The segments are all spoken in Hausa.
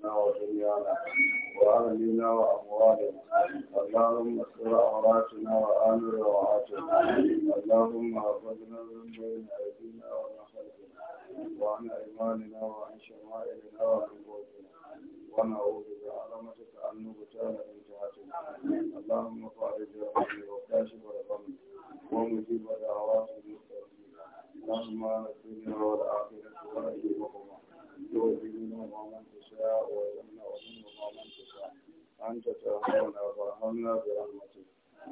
أنفسنا ودنيانا وأهلنا وأموالنا اللهم استر عوراتنا وآمن روعاتنا اللهم أخرجنا من بين أيدينا ومن خلفنا وعن أيماننا وعن شمائلنا وعن بوتنا ونعوذ بعظمتك أن نبتال من جهتنا اللهم فارج ربي وكاشف ربنا ومجيب دعوات المستقيم اللهم الدنيا والآخرة وأجيبهما تؤتي منهما من تشاء وتمنع منهما من تشاء أنت ترحمنا فارحمنا برحمتك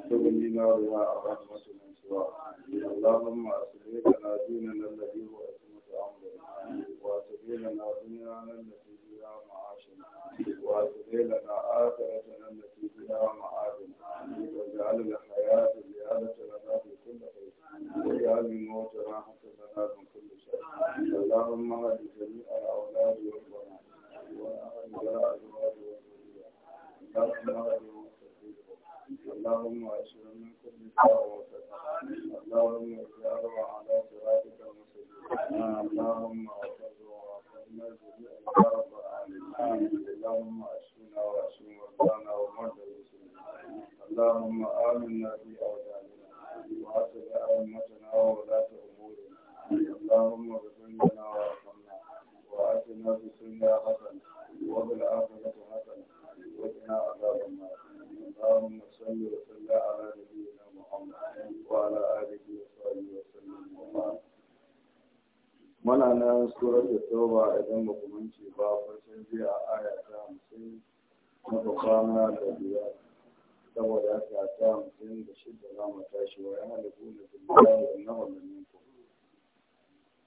تغنينا بها رحمة من سواك اللهم أصلح لنا ديننا الذي هو عصمة أمرنا وأصلح لنا دنيانا التي فيها معاشنا وأصلح لنا آخرتنا التي فيها معادنا واجعل الحياة زيادة لنا في كل خير واجعل الموت راحة لنا من اللهم اهد جميع الاولاد والبنات والاهل والازواج والذريه اللهم اشر من كل داء وسقم اللهم اجعله على صراطك المستقيم اللهم اعتزه وعافنا جميعا يا رب العالمين اللهم اشفنا واشف مرضانا ومرضى المسلمين اللهم امنا في اوطاننا واصلح ائمتنا وولاة امورنا اللهم بسننا وارحمنا وآتنا في الدنيا حسنة وفي الآخرة حسنة وقنا عذاب النار اللهم صل وسلم على نبينا محمد وعلى آله وصحبه وسلم وبارك Muna nan surar da tauba idan ba kumanci ba farcin jiya aya ta hamsin na bukana da biyar saboda haka ta hamsin da shidda za mu tashi wa ya halibu na zubbani da nawa da ninku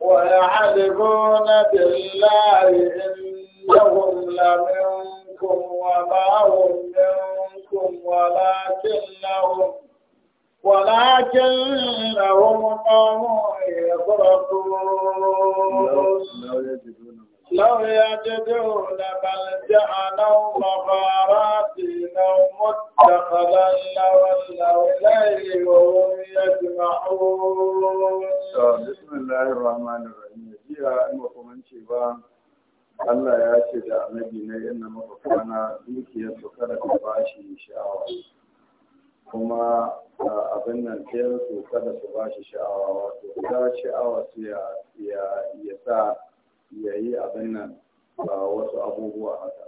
ويعرفون بالله إنهم لمنكم وما هم منكم ولكنهم ولكنهم قوم يفرقون لو يجدون ملجأ أو مغارات أو متخلا لولوا إليه وهم يجمعون. بسم الله الرحمن الرحيم. jiya in ba ba Allah ya ce da annabi na yana maka kwana dukiyar su kada ka bashi sha'awa kuma abin nan ɗayan su kada su bashi sha'awa wato ta sha'awa su ya sa Yayi yi abin nan ba wasu abubuwa haka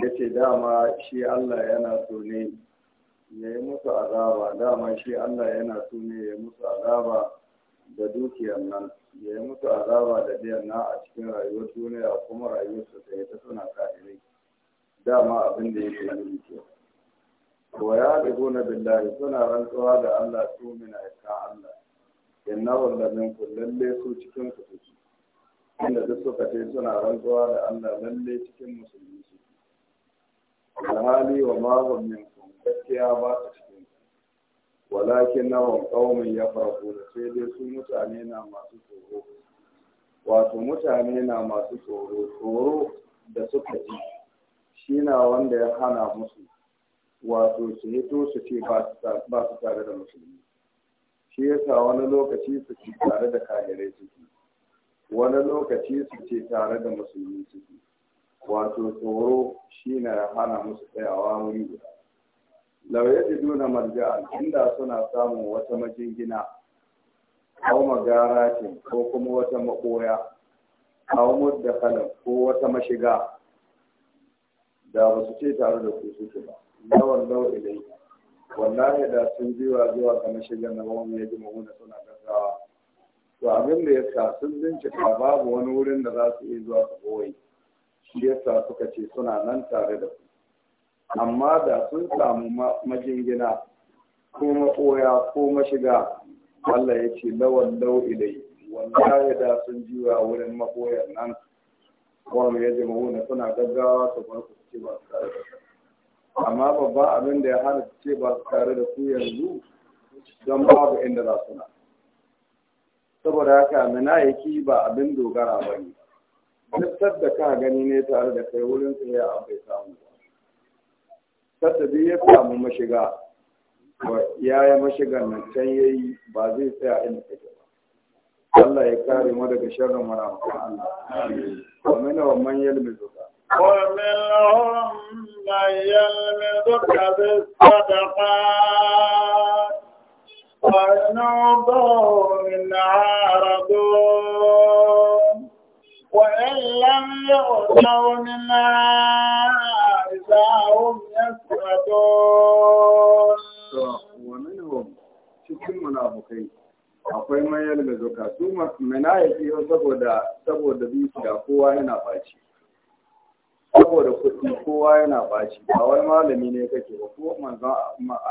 ya ce dama shi Allah yana so ne ya yi musu azaba dama shi Allah yana so ne ya yi musu azaba da dukiyar nan ya yi musu azaba da biyan na a cikin rayuwar duniya kuma rayuwarsa ta yi ta suna ka'irai dama abin da ya yi nan ke wa ya na billahi suna rantsuwa da Allah su mina ikan Allah inna wallabin ku kullalle su cikin ku suka ce suna rantsuwa da Allah lalle cikin musulmi su alhali wa mazan min kun gaskiya ba ta cikin walakin na wa qaumin da sai dai su mutane na masu tsoro wato mutane na masu tsoro tsoro da suka ji shi na wanda ya hana musu wato su hito su ce ba su tare da musulmi shi yasa wani lokaci su ci tare da kahirai suke wani lokaci su ce tare da musulmi suke wato tsoro shi na hana musu tsayawa wuri guda lauye da duna marja'an inda suna samun wata majingina ko magara ce ko kuma wata maɓoya da muddakalan ko wata mashiga da ba su ce tare da ku suke ba yawan lau ilai wallahi da sun jiwa zuwa ga mashigan na wani ya ji suna gaggawa to abin da sa sun bincika babu wani wurin da za su iya zuwa su boye shi sa suka ce suna nan tare da su amma da sun samu majingina ko makoya ko mashiga Allah ya ce lawan lau ilai ya da sun jiwa wurin makoyan nan wani ya jima wuna suna gaggawa su bar su ce ba su tare da su amma babban abin da ya hana su ce ba su tare da ku yanzu don babu inda za su na saboda haka minayaki ba abin dogara ba ne Mutar da ka gani ne tare da kai wurin tsaye a bai samu ba ya samu mashiga ya yi mashigan nan can ya yi ba zai tsaya inda kake ba Allah ya kare mu daga sharrin munafikan Allah amin wa min wa man yalmizuka wa min hum man yalmizuka bis sadaqah وإن أعطوا cikin munafukai akwai mayar da zuka su mana ya fiye saboda kowa yana faci saboda kuɗi kowa yana ba wani malami ne kake ba ko manzon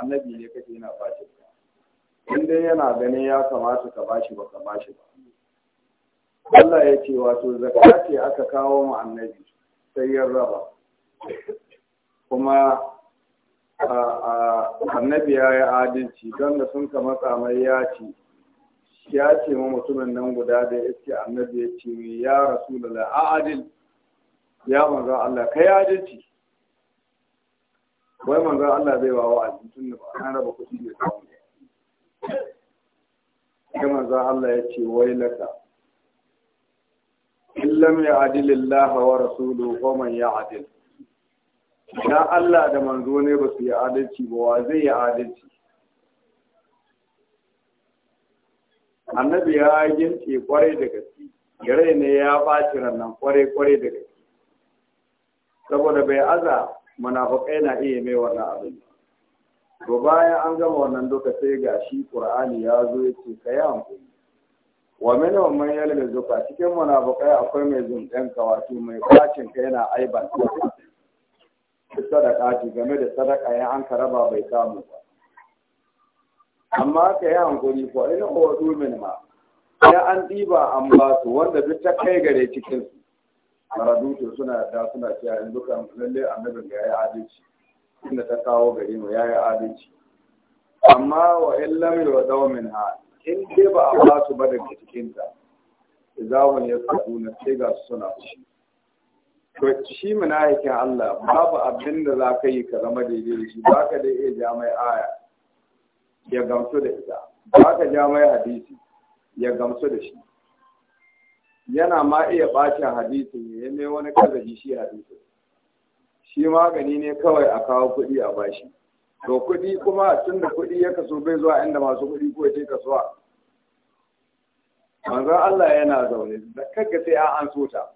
annabi ne kake yana faci in dai yana ganin ya kamata ka bashi ba ka bashi ba Allah ya ce wato zakka ce aka kawo mu annabi sai ya raba kuma annabi ya yi adalci don da sun kama tsamai ya ce ya ce ma mutumin nan guda da ya ce annabi ya ce ya rasu da la'adil ya manzo Allah kai adalci wai manzo Allah zai wa wa'azi tun ba an raba kuɗi da kama za Allah ya ce wai laka illam ya'dilillahu wa rasuluhu wa man adil na Allah da manzo ne ba su yi adalci ba wa zai yi adalci annabi ya gince kwarai da gaske gare ne ya baci rannan kwarai kwarai da gaske saboda bai aza munafukai na iya mai wannan abin to bayan an gama wannan duka sai ga shi qur'ani ya zo ya ce ka yi hankali wa mene wa man yalga zuka cikin munafiqai akwai mai zunɗen ka wato mai bacin ka yana aiban sadaka ce game da sadaka ya an karaba bai samu ba amma ka yi hankali ko ina ko min ma ya an diba an ba su wanda duk ta kai gare cikin su maradutu suna da suna cewa yanzu kan lalle annabin ga ya yi adalci inda ta kawo gari mu yayi adalci amma wa illam yudau minha in dai ba a ba su ba daga cikin ta izawun ya na sai ga suna shi to shi munafikin Allah babu abin da za ka yi ka zama daidai da shi ba ka dai iya ja mai aya ya gamsu da ita ba ka ja mai hadisi ya gamsu da shi yana ma iya bacin hadisi ne ya wani kazafi shi hadisi shi magani ne kawai a kawo kuɗi a bashi to kuɗi kuma tun da kuɗi ya kaso bai zuwa inda masu kuɗi ko ce kasuwa manzon Allah yana zaune da kaga sai an an sota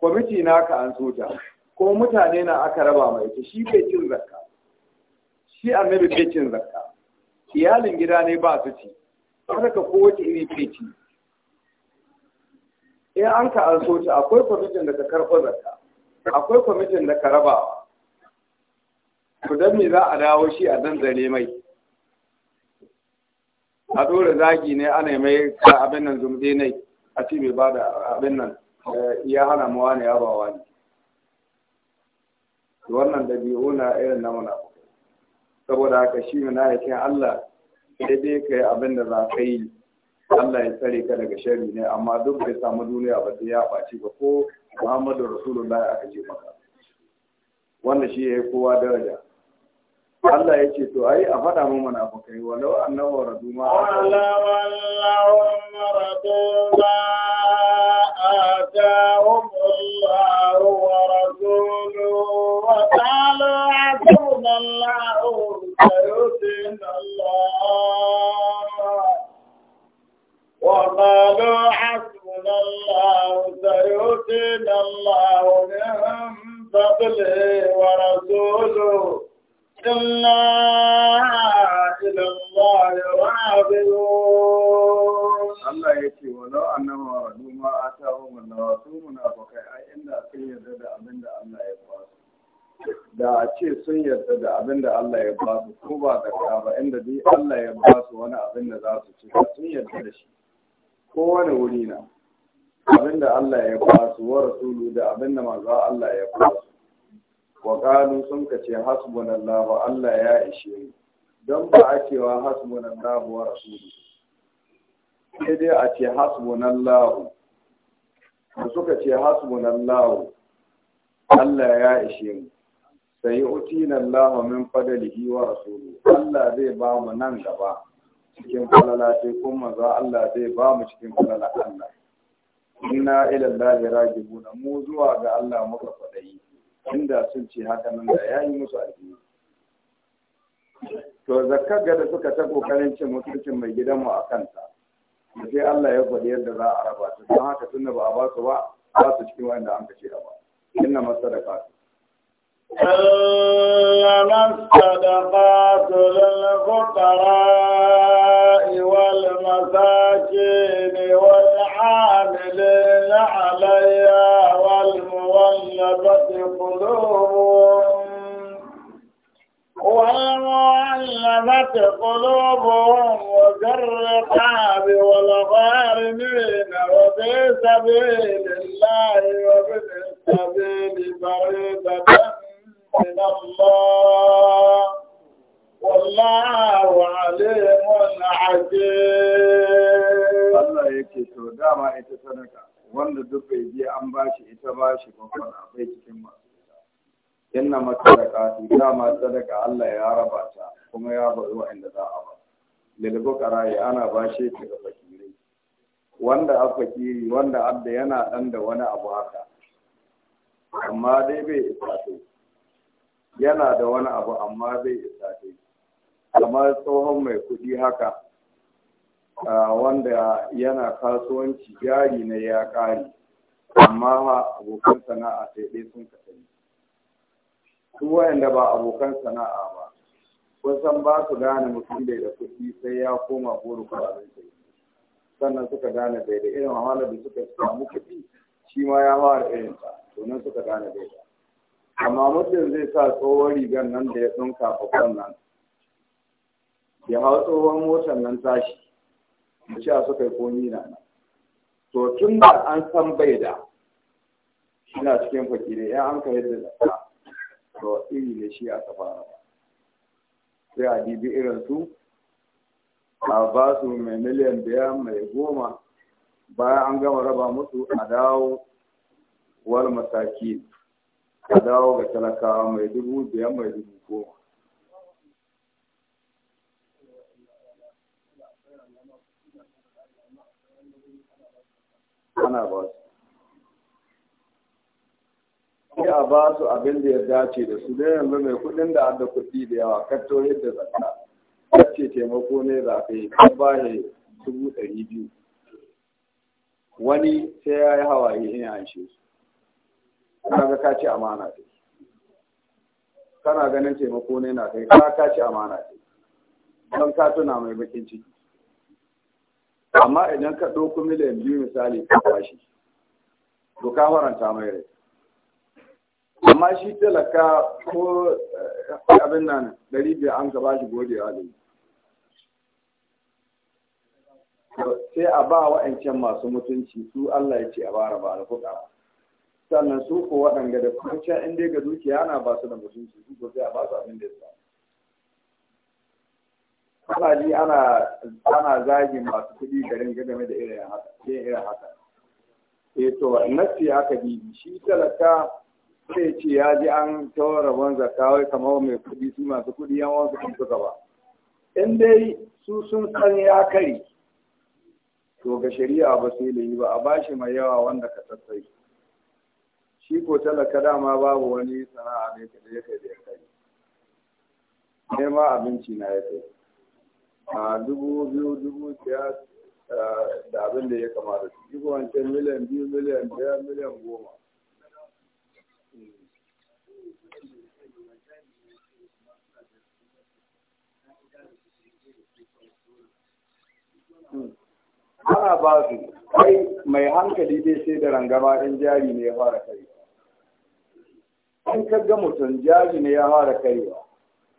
kwamiti na ka an sota ko mutane na aka raba mai ta shi bai cin zakka shi annabi bai cin zakka iyalin gida ne ba su ci kada ka kowace iri bai ci in an ka an sota akwai kwamitin da ka karɓo zakka akwai kwamitin da ka raba ku don me za a dawo shi a zanzare mai a dora zagi ne ana mai ka abin nan zumbe ne a ce mai da abin nan eh, ya hana mawa ne ya ba wani wannan dabi'u na irin na muna saboda haka shi na yake Allah daidai ka yi abin da za ka yi Allah ya tsare ka daga shari ne amma duk bai samu duniya ba sai ya ɓaci ba ko Muhammadu Rasulullahi aka ce maka wanda shi ya yi kowa daraja Allah ya ce to ai a faɗa mu munafukai walau annahu raduma walau annahum raduma sun yarda da abin da Allah ya ba su ko ba da ba inda dai Allah ya ba su wani abin da za su ci sun yarda da shi ko wani wuri na abin da Allah ya ba su wa rasulu da abin da manzo Allah ya ba su wa qalu sun kace hasbunallahu Allah ya ishe mu don ba a cewa hasbunallahu wa rasulu sai dai a ce hasbunallahu suka ce hasbunallahu Allah ya ishe mu sai utina Allah min fadlihi wa rasuluhu Allah zai ba mu nan gaba cikin falala sai kuma za Allah zai ba mu cikin falala Allah inna ila Allah rajibun mu zuwa ga Allah muka fadai inda sun ce haka nan da yayi musu alheri to zakka ga da suka ta kokarin cin mutuncin mai gidanmu a kanta sai Allah ya faɗi yadda za a raba su don haka tunda ba a ba su ba ba su cikin wanda an kace ba inna masadaqatu إنما الصدقات للفقراء والمساكين والعاملين عليها والمغلبة قلوبهم والمعلمة قلوبهم وفي الرقاب والغارمين وفي سبيل الله وفي السبيل فريضة من الله yake to dama ita sadaka wanda duk bai biya an bashi ita bashi kuma bai cikin masu inna masadaka dama sadaka Allah ya raba ta kuma ya bari wainda za a ba lilbu karaye ana bashe shi ga fakirai wanda a fakiri wanda abda yana dan da wani abu haka amma dai bai isa yana da wani abu amma zai isa dai kamar tsohon mai kuɗi haka wanda yana kasuwanci jari na ya ƙari amma abokan sana'a sai dai sun kasance su wayanda ba abokan sana'a ba kusan ba su gane mutum bai da kuɗi sai ya koma goro kwararren sai sannan suka gane bai da irin wahalar da suka samu kudi shi ma ya fara irin sa to nan suka gane bai da amma mutum zai sa tsohon rigar nan da ya tsunka babban nan ya hau tsohon motar nan tashi da a suka yi komi na nan to tun da an san bai da na cikin fakire ya an ka yadda ta to iri da shi a ba sai a dibi irin su a ba su mai miliyan biyar mai goma bayan an gama raba musu a dawo wal matakin ka dawo ga talakawa mai dubu biyar mai dubu goma ana ba su ya a ba su abin da ya dace da su dai yanzu mai kudin da adda kuɗi da yawa katto yadda zakka wacce taimako ne za ka yi ka ba ya dubu ɗari biyu wani sai ya yi hawaye in an su kaga ka ci amana ce kana ganin taimako ne na kai ka ka ci amana ce don ka tuna mai bakin ciki amma idan ka ɗauko miliyan biyu misali ka kwashi to ka faranta mai rai amma shi talaka ko eh, abin nan ɗari biyar an ka bashi godewa da sai a ba wa'ancan masu mutunci su Allah ya ce a bara ba alfuka sannan su ko waɗanda da kwanciya in dai ga dukiya na ba su da mutunci su sai a ba su abin da ya samu ana ji ana zagin masu kuɗi garin game da irin haka irin haka E, to nasi aka bibi shi talaka sai ce ya ji an tawara wanza kawai kamar mai kuɗi su masu kuɗi yan wasu sun suka ba in dai su sun san ya kari to ga shari'a ba sai da yi ba a bashi mai yawa wanda ka sassai shi ko talaka dama babu wani sana'a ne da yake da ya kai nema abinci na ya kai a dubu biyu dubu biyar da abin da ya kamata su iko wancan miliyan biyu miliyan biyar miliyan goma ana ba su kai mai hankali dai sai da rangama in jari ne ya fara kai in ka ga mutum jaji ne ya fara karewa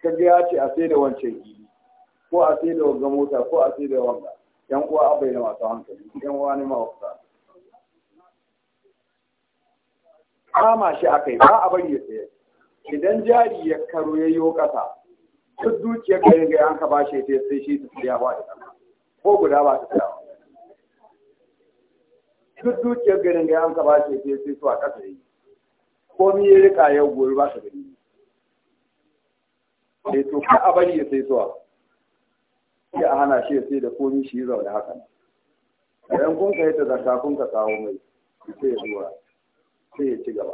ka ya ce a sai da wancan gidi ko a sai da wanga mota ko a sai da wanga yan uwa abai na masu hankali yan uwa ne mawasa kama shi akai ba a bari ya tsaye idan jari ya karo ya yi kasa duk dukiyar ka ga an ka ba shi ta sai shi ta tsaya ba da ko guda ba ta tsaya duk dukiyar garin ga an ka ba shi ta sai su a kasa yi komi ya rika yau gobe ba ta gani sai eh, to ka a bari ya sai zuwa ya a hana shi ya sai da komi shi zaune haka idan kun kai ta zaka kun ka kawo mai sai ya zuwa sai ya ci gaba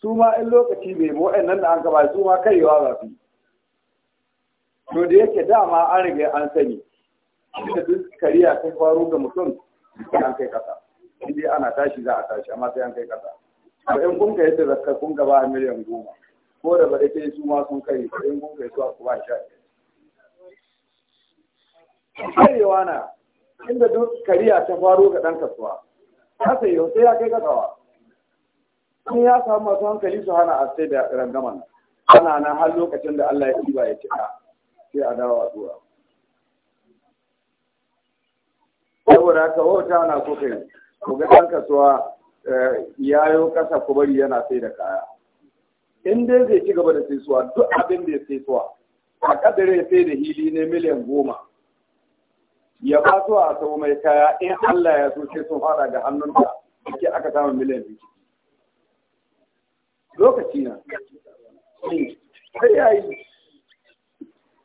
su ma in lokaci bai mu nan da an gaba su ma kaiwa ba su to da yake dama an rage an sani da duk kariya sun faro ga mutum sai an kai kasa in dai ana tashi za a tashi amma sai an kai kasa to in kun kai da zakka kun gaba a miliyan goma ko da bari ke su ma sun kai in kun kai su a kuma sha karewa na inda duk kariya ta faro ga ɗan kasuwa ta sai yau sai ya kai kasawa Sun ya samu masu hankali su hana a sai da rangaman ana na har lokacin da Allah ya ɗiba ya cika sai a dawo zuwa saboda haka wauta na kuka yi, ku ga ɗan kasuwa Eh, yayo kasa ku bari yana sai da kaya in dai zai ci gaba da saisuwa duk abin da ya saisuwa a kadare ya sai da hili ne miliyan goma ya ba su a sau mai kaya in Allah ya so sai sun fara da hannunta ake aka samun miliyan biyu lokaci na sai ya yi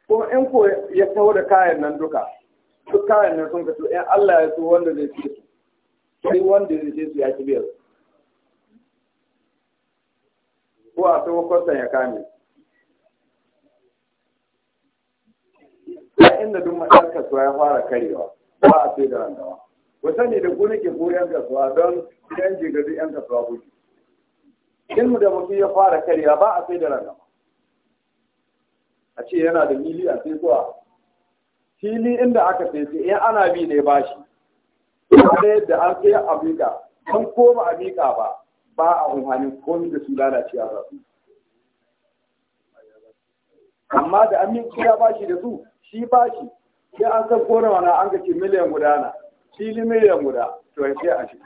kuma in ko ya taho da kayan nan duka duk kayan nan sun kasu in Allah ya so wanda zai ce su sai wanda zai ce su ya kibiyar ko a tsawo kwastan ya kame a inda duk matsar kasuwa ya fara karewa ba a sai da randawa Ku sani da gona ke ko yan kasuwa don yan jigadu yan kasuwa kuke ilmu da mutum ya fara karewa ba a sai da randawa a ce yana da miliyan sai zuwa fili inda aka sai sai in ana bi ne bashi kuma da an sai a miƙa an koma ba a miƙa ba ba a amfani komi da su a rasu amma da an miƙa ya bashi da su shi bashi sai an san kone wana an ga ce miliyan guda na fili miliyan guda to ya ce a shi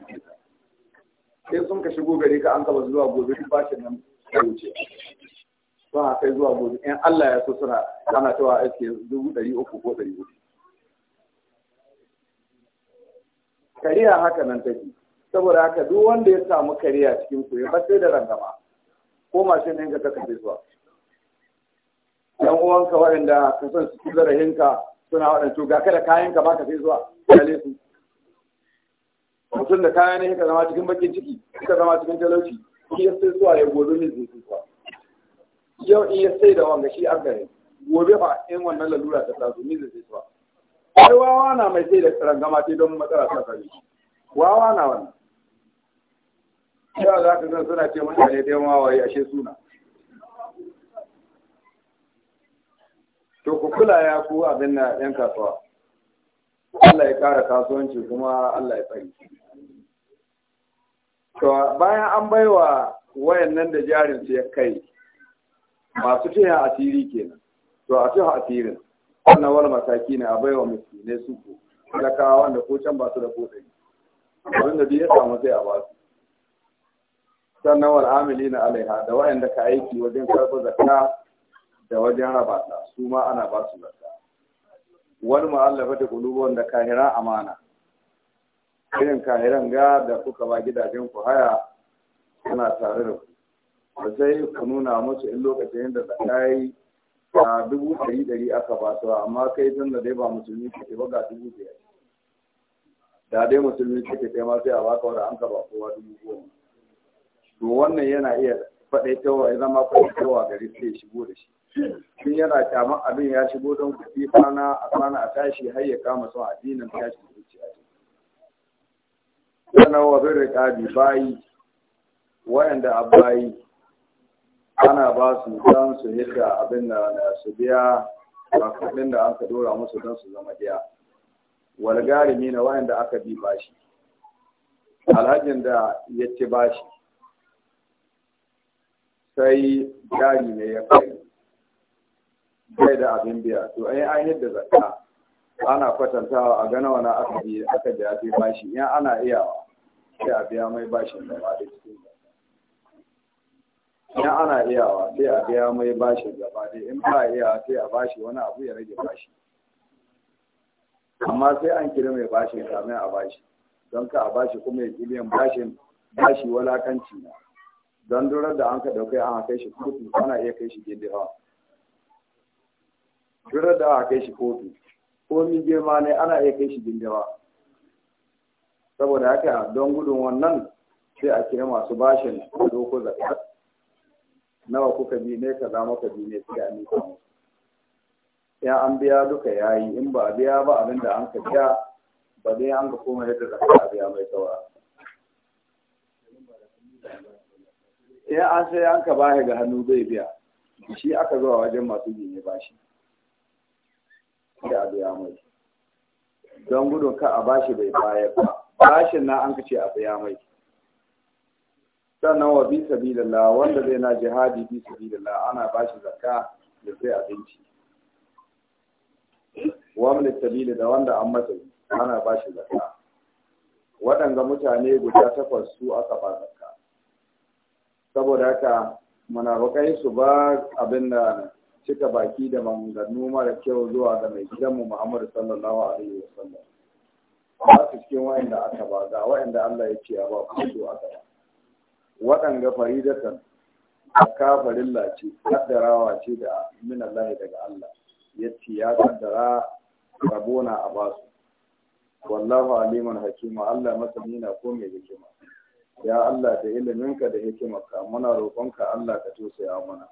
sai sun ka shigo gari ka an kaba zuwa gobe ba shi nan ya wuce ba kai zuwa gobe in Allah ya so suna ana cewa aiki dubu ɗari uku ko ɗari uku kariya haka nan take saboda haka duk wanda ya samu kariya cikin ku ya sai da rangama ko mashin ɗinka ka kafe zuwa ɗan uwanka waɗanda ka san su ci zarahinka suna waɗancu ga kada ka ba ka sai zuwa kale su mutum da kayan ne ka zama cikin bakin ciki ka zama cikin talauci shi ya sai zuwa ya gozo ne zai zuwa yau in ya sai da wanga shi an gare gobe fa in wannan lalura ta taso ni zai zuwa ai wawa na mai sai da gama ce don matsala ta kare wawa na wannan yau za ka san suna ce mutane da yawan wawaye ashe suna to ku kula ya ku abin na yan kasuwa Allah ya kara kasuwanci kuma Allah ya tsari to bayan an baiwa wayan nan da jarin su ya kai masu tuya asiri kenan to a tuya asirin wannan wani mataki ne a baiwa miskinai su ko talakawa wanda ko can ba da kodari abin da samu sai a basu sannan wal amili na alaiha da wayanda ka aiki wajen karɓar zakka da wajen rabata su ma ana ba su zakka wal mu'allafa da kulubu wanda kahira amana irin kahiran ga da kuka ba gidajen ku haya suna tare da ku sai ku nuna musu in lokacin da zakka yi a dubu ɗari ɗari aka ba su amma kai tun da dai ba musulmi kake ba ga dubu biyar da dai musulmi kake kai ma sai a baka wadda an ka ba kowa dubu goma to wannan yana iya faɗaitawa ya zama faɗaitawa gari sai shigo da shi tun yana kyama abin ya shigo don kuɗi kwana a kwana a tashi har ya kama son addinin tashi da zuciya sannan wa bin riƙabi bayi wayanda a bayi ana ba su don su hidda abin da su biya kuɗin da aka dora musu don su zama biya walgarimi na wayanda aka bi bashi alhajin da ya ci bashi sai gari ne ya kai bai da abin biya to ai ainihin da zakka ana kwatantawa a gana wani aka biya aka biya ba bashi in ana iyawa sai a biya mai bashin da ba duk in ana iyawa sai a biya mai bashi gaba dai in ba iyawa sai a bashi wani abu ya rage bashi amma sai an kira mai bashi kamin a bashi don ka a bashi kuma ya biyan bashin bashi walakanci na don durar da an ka daukai an kai shi kofi ana iya kai shi hawa durar da aka kai shi ko komi girma ne ana iya kai shi hawa saboda haka don gudun wannan sai a kira masu bashin doko zakat nawa kuka bi ne za maka bi ne sai a ni ya an biya duka yayi in ba a biya ba abin da an ka biya ba dai an ka koma yadda za a biya mai tsawa ya an sai an ka baya ga hannu zai biya shi aka zuwa wajen masu bi ne bashi da a biya mai don gudun ka a bashi bai bayar ba bashin na an ka ce a biya mai sannan wa bi sabilillah wanda zai na jihadi bi sabilillah ana ba shi zakka da sai abinci wa min sabili da wanda an masa ana ba shi zakka waɗanga mutane guda takwas su aka ba zakka saboda haka bakai su ba abin da cika baki da maganganu mara kyau zuwa ga mai gidanmu Muhammadu sallallahu alaihi wasallam ba su cikin wa'anda aka ba ga wa'anda Allah ya ce a ba ku su aka ba waɗanga faridatan a farilla ce ƙaddarawa ce da min Allah daga Allah yadda ya ƙaddara rabona a basu wallahu aliman hakima Allah masani na ko mai hikima ya Allah da iliminka da hikimarka muna roƙonka Allah ka tausaya mana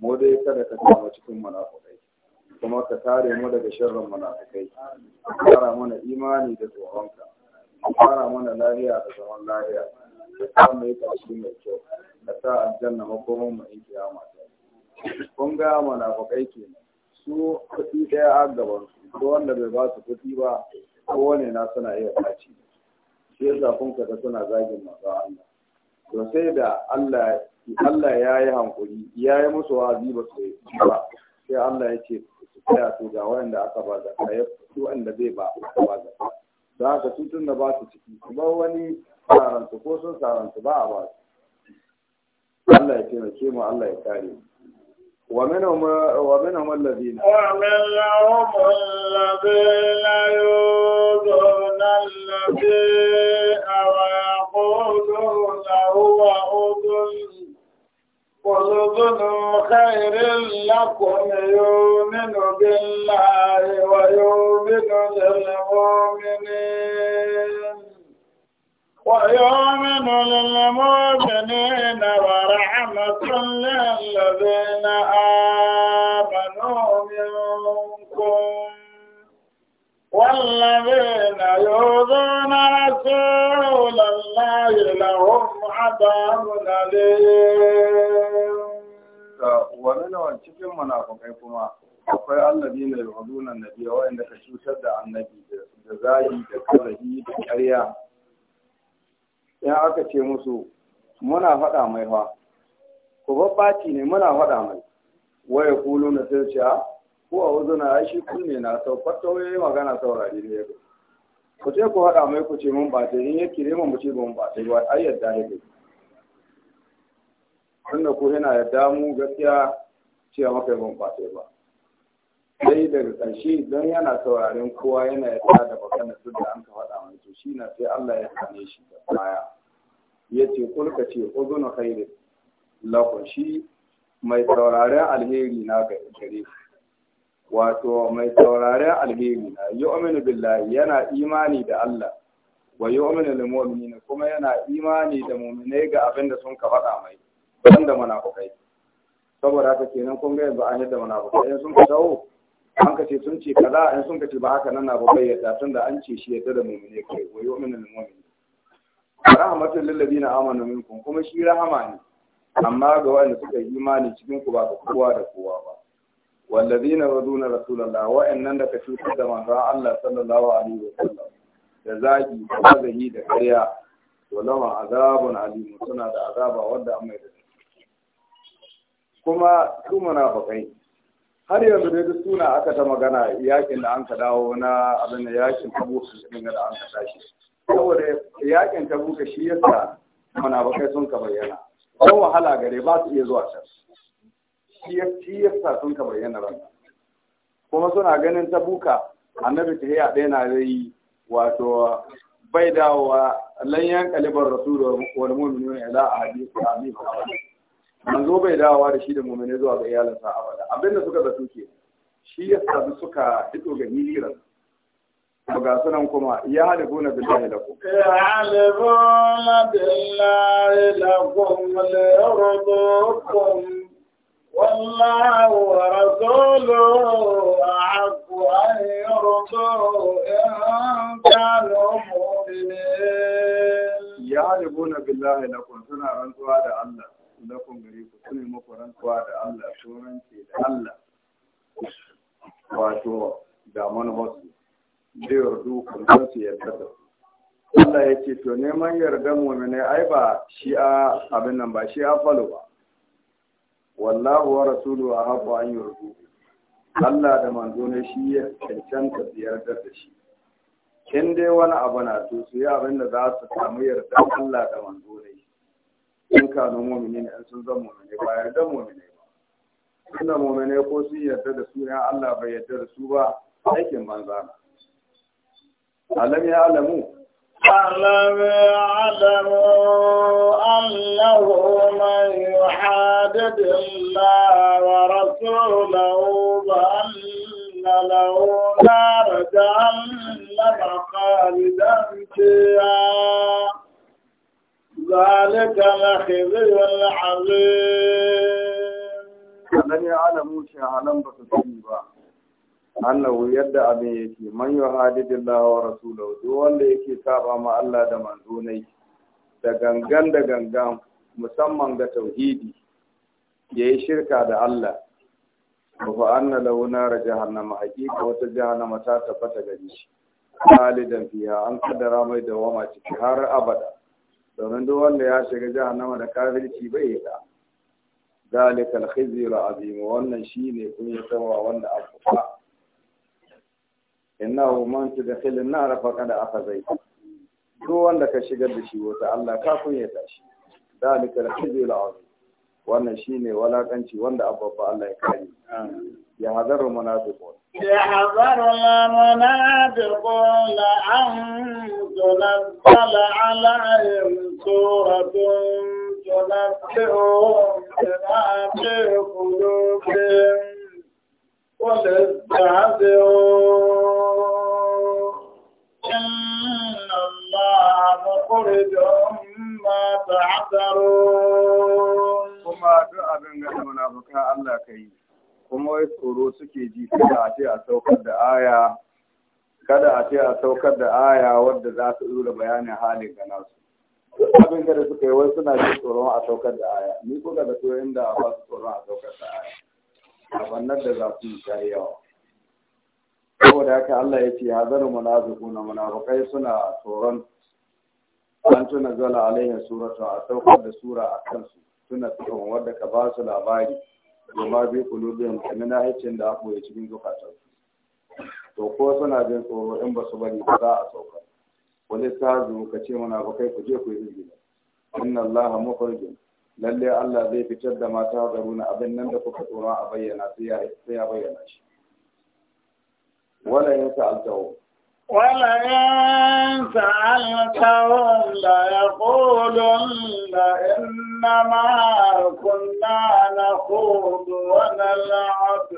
mu dai kada ka tsama cikin munafukai kuma ka tare mu daga sharrin munafukai fara mana imani da tsoronka fara mana lafiya da zaman lafiya ya sa mu yi ƙarshe mai kyau ka sa aljanna makoman mu in kiyama ta kun ga munafukai kenan su kuɗi ɗaya a gaban su ko wanda bai ba su kuɗi ba kowane na suna iya ɓaci shi yasa kun kaga suna zagin masu Allah to sai da Allah Allah ya yi hankuri ya yi musu wa'azi ba su yi ba sai Allah ya ce su tsaya su ga wanda aka ba zakka ya su wanda zai ba aka ba zakka don haka su tun da ba su ciki kuma wani sarantu ko sun sarantu ba a ba su Allah ya taimake mu Allah ya kare mu ومنهم ومنهم الذين ومنهم الذين يؤذون النبي ويقولون هو أذن قل أذن خير لكم يؤمن بالله ويؤمن للمؤمنين ويؤمن للمؤمنين ورحمة للذين آمنوا منكم والذين يؤذون رسول الله لهم عذاب أليم. ومن وجهكم منافقكم akwai annabi ne yuhuduna annabi wa'anda ka cutar da annabi da zayi in aka ce musu muna faɗa mai fa ku babbaci ne muna faɗa mai waya kulu na sai ce ko a uzuna ai shi kunne na saukar ta wayoyi magana saurari ne ku ce ku haɗa mai ku ce mun ba ta in ya kire mu ce mun ba ta ba ai yadda ya kai tunda ko yana yadda mu gaskiya ce maka mun ba ta ba sai daga ƙarshe don yana sauraren kowa yana yarda da magana su da an ka faɗa mai to shi na sai Allah ya sane shi da baya ya ce kulka ce uzunu khairi lakon shi mai sauraren alheri na ga gare wato mai sauraren alheri na yu'minu billahi yana imani da Allah wa yu'minu lil mu'minin kuma yana imani da mu'minai ga abin da sun ka faɗa mai wanda munafukai saboda haka kenan kun ga yanzu an yadda munafukai sun ka dawo an ka ce sun ce kaza in sun ka ce ba haka nan na ba bayyana, tun da an ce shi ya da mu'mini kai wa yu'minu lil mu'min rahmatul lil ladina amanu minkum kuma shi rahama ne amma ga wanda suka yi imani cikin ku ba ga kowa da kowa ba والذين يرضون rasulullah wa وإنن da cutar da manzon Allah sallallahu alaihi wa sallam da zagi da zahi da kariya wa lawa azabun alim suna da azaba wanda an mai da kuma su munafiqai har yanzu dai duk suna aka ta magana yakin da an ka dawo na abin da yakin tabuka din da an ka tashi saboda yakin tabuka shi yasa mana ba kai sun ka bayyana ko wahala gare ba su iya zuwa can shi shi yasa sun ka bayyana ba kuma suna ganin tabuka annabi ta hiya ɗaya na yi wato bai dawowa wani yankalibar rasulul wal mu'minuna ila ahadith amin manzo bai dawowa da shi da mummune zuwa ga iyalinsa abada abinda suka zato ke shi ya sabu suka fito ga hijiran to ga sunan kuma ya halifuna billahi lakum ya halifuna billahi lakum li yurdukum والله ورسوله أحق أن يرضوا suna rantsuwa da Allah. Lafin gare ku sune muku rantsuwa da Allah turanci da Allah wato da wasu, zai yardu kullum su yarda da Allah ya ce to neman yardan mu'minai ai ba shi a abin nan ba shi a falo ba wallahu wa rasulu a haɓa an yardu Allah da manzo ne shi ya cancanta su yarda da shi in dai wani abu na to su yi abin da za su samu yarda Allah da manzo ne in kanu mu'mini ne sun zama mu'mini ba yarda mu'mini ba inda mu'mini ko sun yarda da su ya Allah bai yarda da su ba aikin banza alam ya alamu ألم يعلموا أنه من يحادد ذلك لخزي العظيم Sannan ya alamu shi halan ba su sani ba, annahu yadda abin yake man yi hadidin lawa rasulau, duk wanda yake saba ma Allah da manzonai, da gangan da gangan musamman ga tauhidi, ya yi shirka da Allah, ba fa anna launa ma. jahannama hakika wata jahannama ta tabbata gari shi, halidan fiya an kadara mai dawama ciki har abada. domin duk wanda ya shiga jahannama da kafirci bai yi da zalikal khizyul azim wannan shine kun yi tawa wanda afuwa inna man tudkhil an-nar faqad afazai duk wanda ka shigar da shi wata Allah ka kun yi tashi zalikal khizyul azim wannan shine walakanci wanda abba Allah ya kare ya hadaru munafiqun ya hadaru munafiqun an tunazzala alaihim suratun tunazzihum bima fi qulubihim qul istahzi'u مخرج ما تعذرون كما دو أبن غير منافقا الله kuma wai tsoro suke ji kada a ce a saukar da aya kada a ce a saukar da aya wadda za su dora bayanin halin ga nasu abin da suka yi wai suna ji tsoron a saukar da aya ni ko daga to inda ba su tsoron a saukar da aya a wannan da za su yi tare yawa saboda haka Allah ya ce hazar munafiquna munafiqai suna tsoron an tuna zala alaihin suratu a saukar da sura a kansu tuna tsohon wadda ka ba su labari domin bi kulubin kuma na haicin da abu ya cikin zukatansu to ko suna jin tsoro in ba su bari za a sauka wani zuwa ka ce mana ba kai ku je ku yi izini inna allah mukhrijun lalle allah zai fitar da mata runa abin nan da kuka tsoro a bayyana sai ya bayyana shi wala yin sa'altahu ولئن سألتهم ليقولن إنما كنا نخوض ونلعب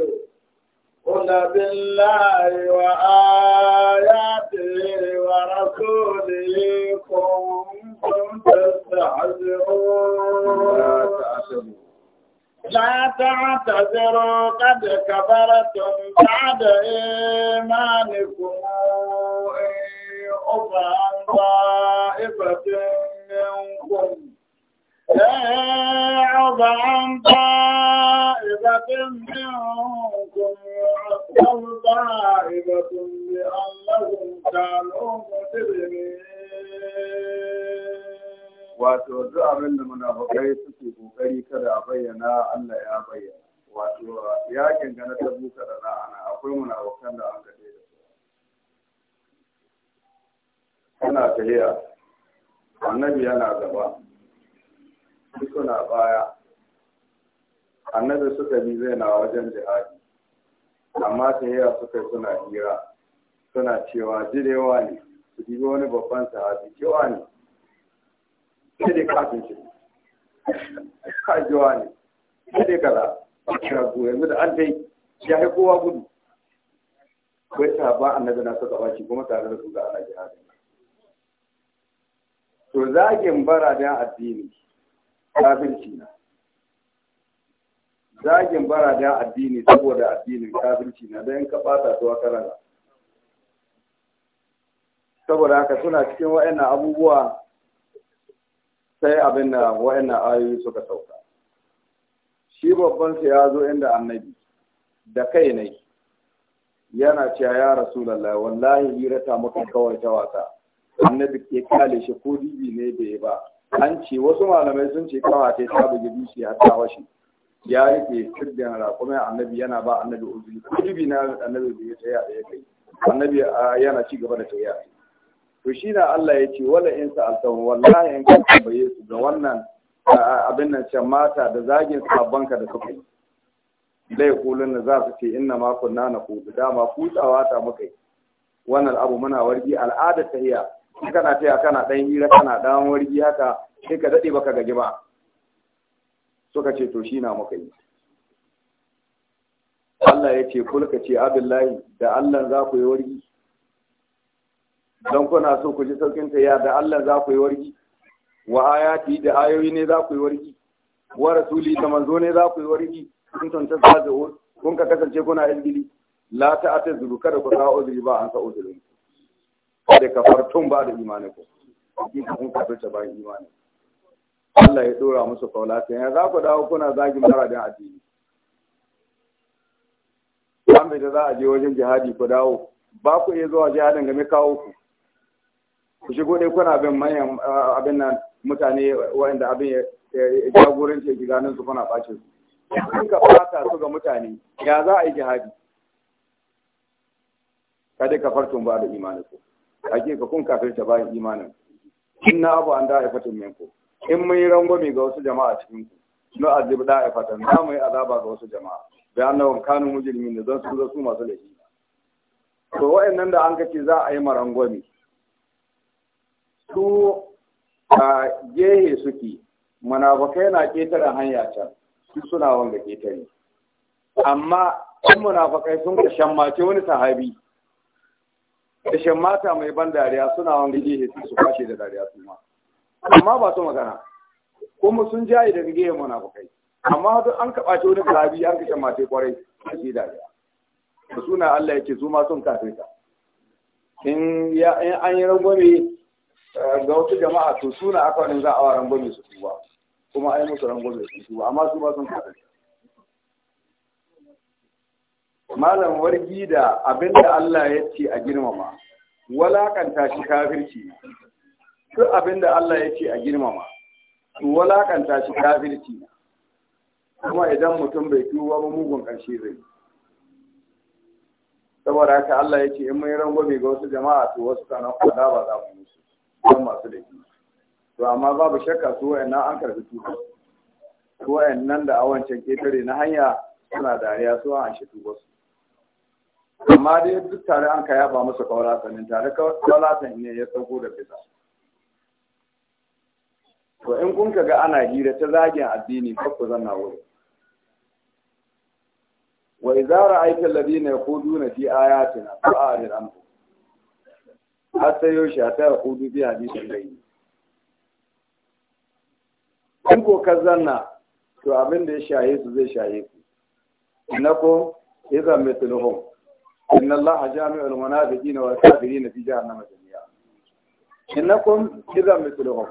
قل بالله وآياته ورسوله كنتم تستهزئون nataatarotadịkabarato tada eemanịkomeeko eeọbaba ịbatete ọhụụ ọba ịbate ọmụgwụm a lụụteere wato duk abin da hukai suke kokari kada a bayyana Allah ya bayyana wato yakin ga na tabuka da la'ana akwai muna hukan da an gade da su ana tahiya annabi yana gaba suna baya annabi suka bi zai na wajen jihadi amma tahiya suka suna hira suna cewa jirewa ne su bi wani babban sahabi cewa ne sai dai kafin shi ka jiwa ne sai dai kaza a kira go yanzu da an dai ya yi kowa gudu bai ta ba annabi na saka baki kuma tare da su ga ana jihadin to zagin bara da addini kafirci na zagin bara da addini saboda addinin kafirci na dan ka bata zuwa karana saboda haka suna cikin wa'annan abubuwa sai abin da wa'annan ayoyi suka sauka shi babban sa ya zo inda annabi da kai ne yana cewa ya rasulullah wallahi hirata muka kawai ta wasa annabi ke kale shi ko dibi ne ya ba an ce wasu malamai sun ce kawai ta ta bugi dushi har ta washe ya ke sirdin raƙumin annabi yana ba annabi uzuri ko dibi na annabi tsaya ta ya kai annabi yana ci gaba da tafiya to shi na Allah ya ce wala in sa'altahum wallahi in ka tambaye su Da wannan abin nan can mata da zagin ka da suka yi lai kulun da za su ce inna ma kunna na kudu dama kutsawa ta muka yi wannan abu muna wargi al'ada ta hiya kana taya kana dan hira kana dan wargi haka sai ka dade baka gaji ba suka ce to shi na muka yi Allah ya ce kulka ce abillahi da Allah za ku yi wargi don kuna so ku ji saukin ta ya da Allah za ku yi wargi wa ayati da ayoyi ne za ku yi wargi? wa rasuli da manzo ne za ku yi wargi kun tanta sazo kun ka kasance kuna izgili la ta'ata zuru kada ku kawo uzuri ba an sa uzuri da kafartun ba da imani ku ka kun kafirta ba imani Allah ya dora musu kaulata ya za ku dawo kuna zagin maradin addini an da za a je wajen jihadi ku dawo ba ku iya zuwa jihadin game kawo ku ku shigo dai kuna bin manyan abin nan mutane wanda abin ya jagorance gidanin su kuna ɓace su in ka ɓata su ga mutane ya za a yi jihadi ka dai ka fartun ba da imanin ku ka kun ta bayan imanin na abu an min ku. in mun yi rangwame ga wasu jama'a cikin ku nu azib da'ifatan za mu yi azaba ga wasu jama'a bi annahum kanu mujrimin da zan su su masu laifi to wa'annan da an kace za a yi marangwame su a gehe suke munafakai na ƙetare hanya can su suna wanga ƙetare amma in munafakai sun ka shammace wani sahabi da shammata mai ban dariya suna wanga gehe su su kwashe da dariya su ma amma ba su magana kuma sun jaye daga gehe munafakai amma hadu an kaɓa ce wani sahabi an ka shammace kwarai su yi dariya da suna Allah yake su ma sun ta in an yi rangwame ga wata jama'a to suna aka wani za a wa rangwame su tuba kuma ai musu rangwame su tuwa amma su ba sun kaɗa malam wargi da abinda Allah ya ce a girmama walakanta shi kafirci abin abinda Allah ya ce a girmama walakanta shi kafirci kuma idan mutum bai tuwa ba mugun ƙarshe zai saboda haka Allah ya ce in mai rangwame ga wasu jama'a to wasu kanan kwada ba za mu musu don masu da to amma babu shakka su wa'annan an karbi tuba su wa'annan da awancin ƙetare na hanya suna dariya su an shi tuba su amma dai duk tare an kaya ba musu kawara sanin tare kawara sanin ne ya sauko da fita to in kun ga ana hira ta zagin addini kar ku zanna wuri wa idza ra'aita alladhina yaquduna fi ayatina fa'rid anhum har sai shi a tara hudu bi da yi in ko ka zanna to abin da ya shaye su zai shaye ku ya idza mithluhum inna allaha jami'ul munafiqina wal na fi jahannama jami'a innakum idza mithluhum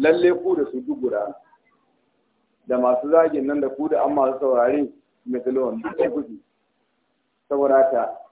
lalle ku da su dubura da masu zagin nan da ku da amma su saurare mithluhum ku saboda ta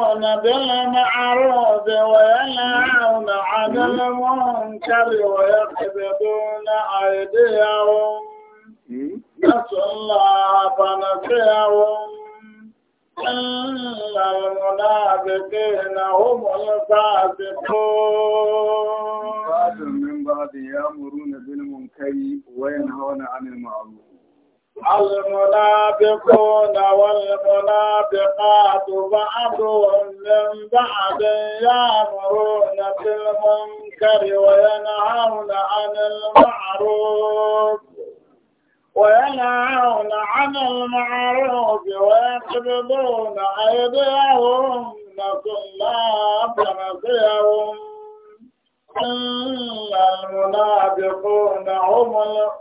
يأمرون بالمعروف وينهون عن المنكر ويقبضون أيديهم نسوا الله فنسيهم إن المنافقين هم الفاسقون بعد من بعد يأمرون بالمنكر وينهون عن المعروف المنافقون والمنافقات بعضهم من بعد يامرون بالمنكر وينهون عن المعروف وينهون عن المعروف ويقبضون أيديهم نسوا الله فنسيهم a المنافقون هم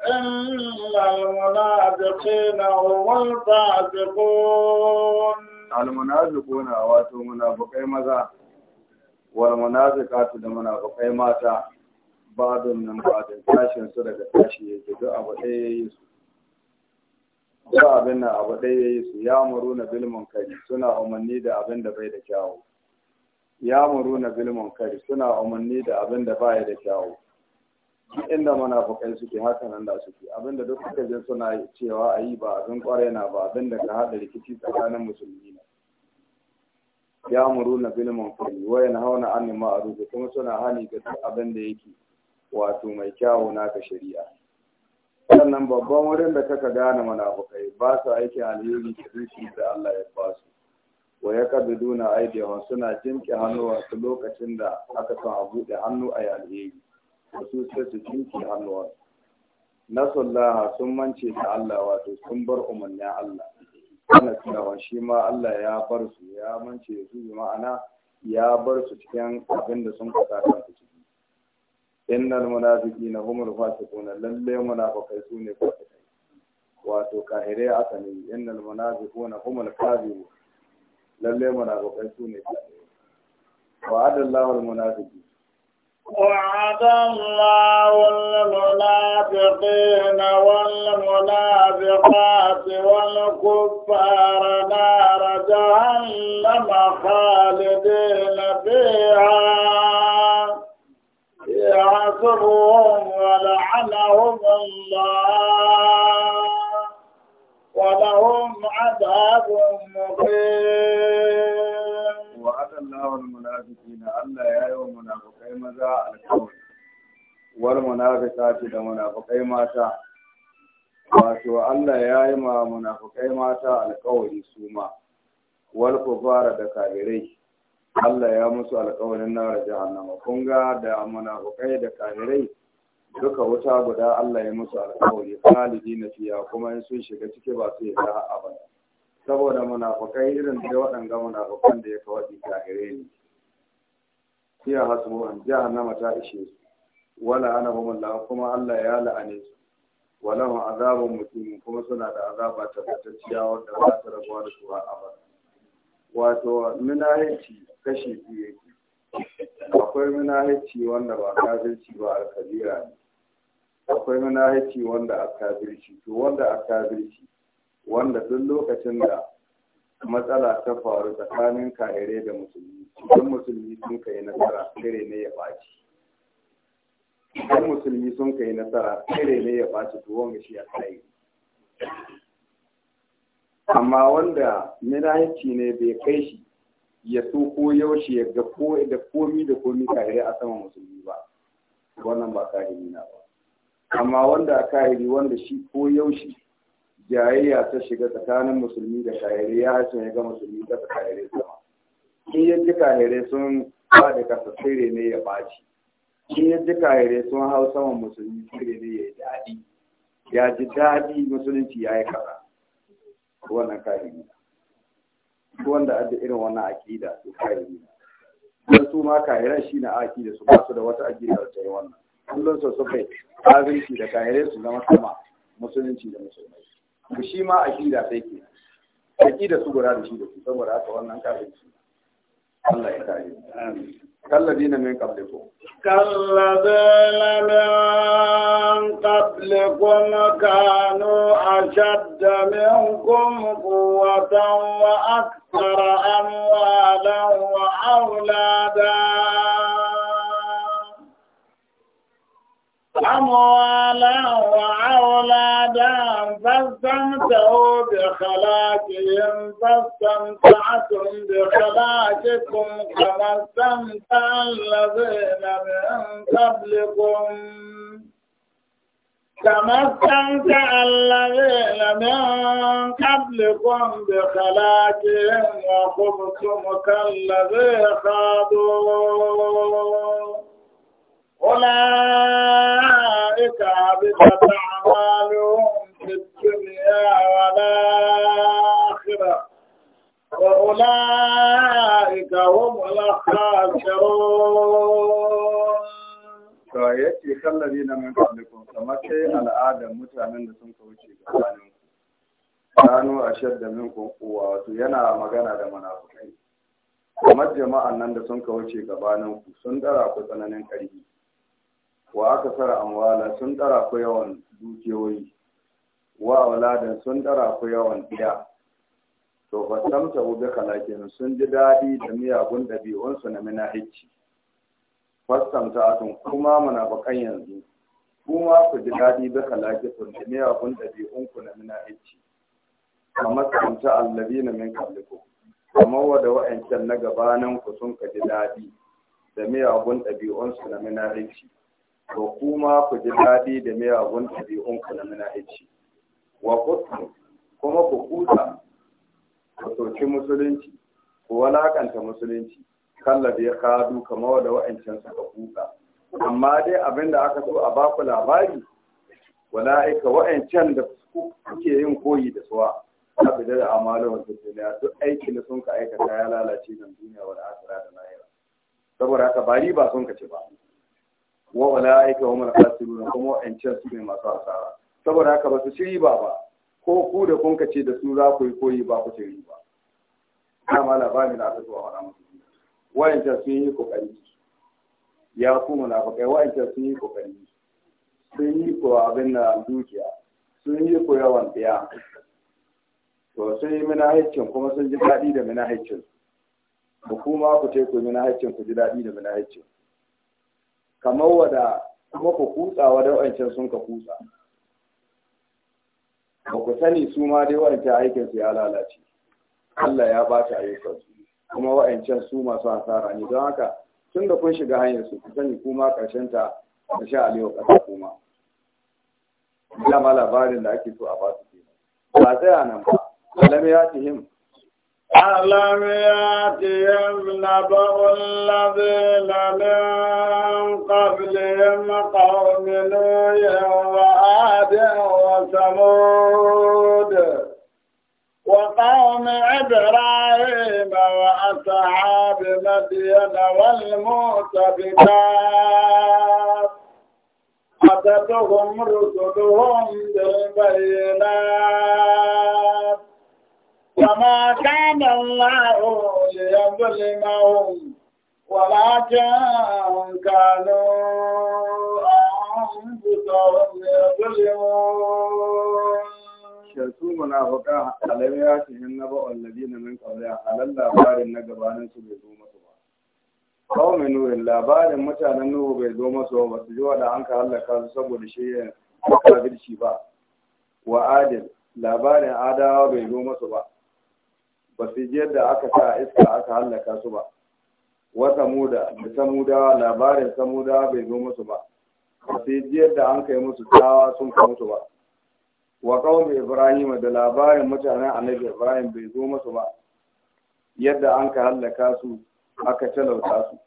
إن المنافقين هم الفاسقون المنافقون واتو والمنافقات ماتا بعض من بعض tashin su daga tashi yake duk abu ɗaya su abin nan abu ɗaya yi su ya muruna bil kai suna umarni da abin da bai da kyawu ya muru na bilmon kari suna umarni da abin da baya da kyawu duk inda munafukai suke haka nan da suke abin da duk suka je suna cewa a yi ba abin kwarai na ba abin da ka haɗa rikici tsakanin musulmi ne ya muru na bilmon kari wayan hauna annin ma'arufi kuma suna hani ga abin da yake wato mai kyawu na ka shari'a sannan babban wurin da kaka gane munafukai ba su aikin alheri da zuci da Allah ya basu wa ya kabi duna aidiyahun suna jinke su lokacin da aka son a buɗe hannu a alheri da su sai su jinke Na nasullaha sun mance da Allah wato sun bar umarnin Allah ana cewa shi ma Allah ya bar su ya mance da su ma'ana ya bar su cikin abin da sun kasa kan su ciki innal munafiqina humul fasiquna lalle munafiqai su ne wato kahire asali innal munafiquna humul kadhibun lalle munafiqai su وعد الله المنافقين وعد الله المنافقين والمنافقات والكفار نار جهنم خالدين فيها يعصرهم ولعنهم الله ولهم عذاب مقيم وعد الله المنافقين ألا يا يوم منافقين ماذا الكون والمنافقات da munafukai mata wato Allah ya yi ma munafukai mata alkawari su ma wal kufara da kafirai Allah ya musu alkawarin na jahannama kun ga da munafukai da kafirai duka wuta guda Allah ya musu alƙawari kalibi na fiya kuma in sun shiga ciki ba su yi a ba. saboda munafukai irin da waɗanga munafukan da ya kawai kahire ne fiya hasbuhan jahannama ta ishe su wala ana mulla kuma Allah ya la'ane su wala mu azabun mutum kuma suna da azaba tabbatacciya wanda ba ta rabuwa da su a abada wato munahici kashi biyu yake akwai munahici wanda ba kafirci ba alkabira ne akwai munahici wanda a kafirci to wanda a kafirci wanda duk lokacin da matsala ta faru tsakanin kare da musulmi cikin musulmi sun kai nasara kare ne ya ɓaci cikin musulmi sun kai nasara kare ne ya ɓaci to wanga shi a kai amma wanda munahici ne bai kai shi ya so ko yaushe ya ga ko da komi da komi kahiri a saman musulmi ba wannan ba kahiri na ba amma wanda a kahiri wanda shi ko yaushe jayayya ta shiga tsakanin musulmi da kahiri ya hasu ya ga musulmi ta kahiri sama in ya ji kahiri sun ba da kasa sirri ne ya baci in ya ji kahiri sun hau saman musulmi sirri ne ya yi daɗi ya ji daɗi musulunci ya yi kara wannan kahiri na wanda adda irin wannan aƙida su kai dan su ma kahiran shi na aƙida su ba su da wata aqida ta yi wannan kullun su suka kafirci da kahirai su zama sama musulunci da musulmai to shi ma aƙida sai ke aqida su guda da shi da su saboda haka wannan kafirci Allah ya kare amin min من قبلكم كالذين من قبلكم كانوا أشد منكم قوة وأكثر أكثر أموالا وأولادا أموالا وأولادا فاستمتعوا بخلاقهم فاستمتعتم بخلاقكم كما استمتع الذين من قبلكم تمكنت الذين من قبلكم بخلاك وخبتم كالذي خاضوا أولئك عبدت أعمالهم في الدنيا والآخرة وأولئك هم الخاسرون to ya ce kallari na min kwallikun kamar sai al'adar mutanen da sun kauce gabanin ku gano a shadda min kuwa wato yana magana da munafukai kamar jama'an nan da sun kauce gabanin ku sun dara ku tsananin ƙarfi wa aka sara amwala sun dara ku yawan dukiyoyi wa auladan sun dara ku yawan iya to ba samta ube sun ji daɗi da miyagun ɗabi'unsu na minahici fastamta atun kuma bakan yanzu kuma ku ji daɗi bi halakikun da miyakun ɗabi'unku na aiki kamar samta allabi na min kalliku kamar wada wa'ancan na gabanin ku sun ka ji daɗi da miyagun ɗabi'unsu na aiki to kuma ku ji daɗi da miyagun ɗabi'unku na aiki wa kutu kuma ku kuta ku soki musulunci ku walakanta musulunci kalla da ya kadu kamar da wa'ancan suka kuka amma dai abinda aka so a baku labari wala aika wa'ancan da kuke yin koyi da suwa abida da amalin wata duniya duk aikin da sun ka aikata ya lalace nan duniya wal akhirah da lahira saboda haka bari ba sun ka ci ba wa aika wa mal khasirun kuma wa'ancan su ne masu asara saboda haka ba su ci riba ba ko ku da kun ka ce da su za ku yi koyi ba ku ci riba dama labarin da aka so a faɗa musu wa'ancan sun yi kokari ya na bakai wa'ancan sun yi kokari sun yi ko abin na dukiya sun yi ko yawan biya to sun yi haicin kuma sun ji daɗi da minahicin ku kuma ku ce ku minahicin ku ji daɗi da minahicin kamar wada kuma ku kutsa wada wa'ancan sun ka kutsa ba ku sani su ma dai wa'ancan aikinsu ya lalace Allah ya ba ta ayyukansu kuma wa'ancan su masu asara ne don haka tun da kun shiga hanyar su ku sani kuma karshen ta da sha aliyu kasa kuma dama labarin da ake so a basu ke ba a nan ba alam ya tihim alam ya tihim na ba'un lazina min qablihim qawmin nuyin wa adin wa samud قوم إبراهيم وأصحاب مدين والمؤتفكات أتتهم رسلهم بالبينات وما كان الله ليظلمهم ولكن كانوا أنفسهم يظلمون shartu munafiqan alam ya tihin na ba'al ladina min qawliya alal labarin na gabanin su bai zo musu ba kawo mai nurin labarin mutanen nuhu bai zo musu ba su ji wada an ka halaka su saboda shirin kafirci ba wa adil labarin adawa bai zo musu ba ba su ji yadda aka sa iska aka halaka su ba wa samuda da samudawa labarin samudawa bai zo musu ba ba su ji yadda an kai musu tawa sun ka mutu ba wa qaumi ibrahim da labarin mutanen annabi ibrahim bai zo masu ba yadda an ka hallaka su aka talauta su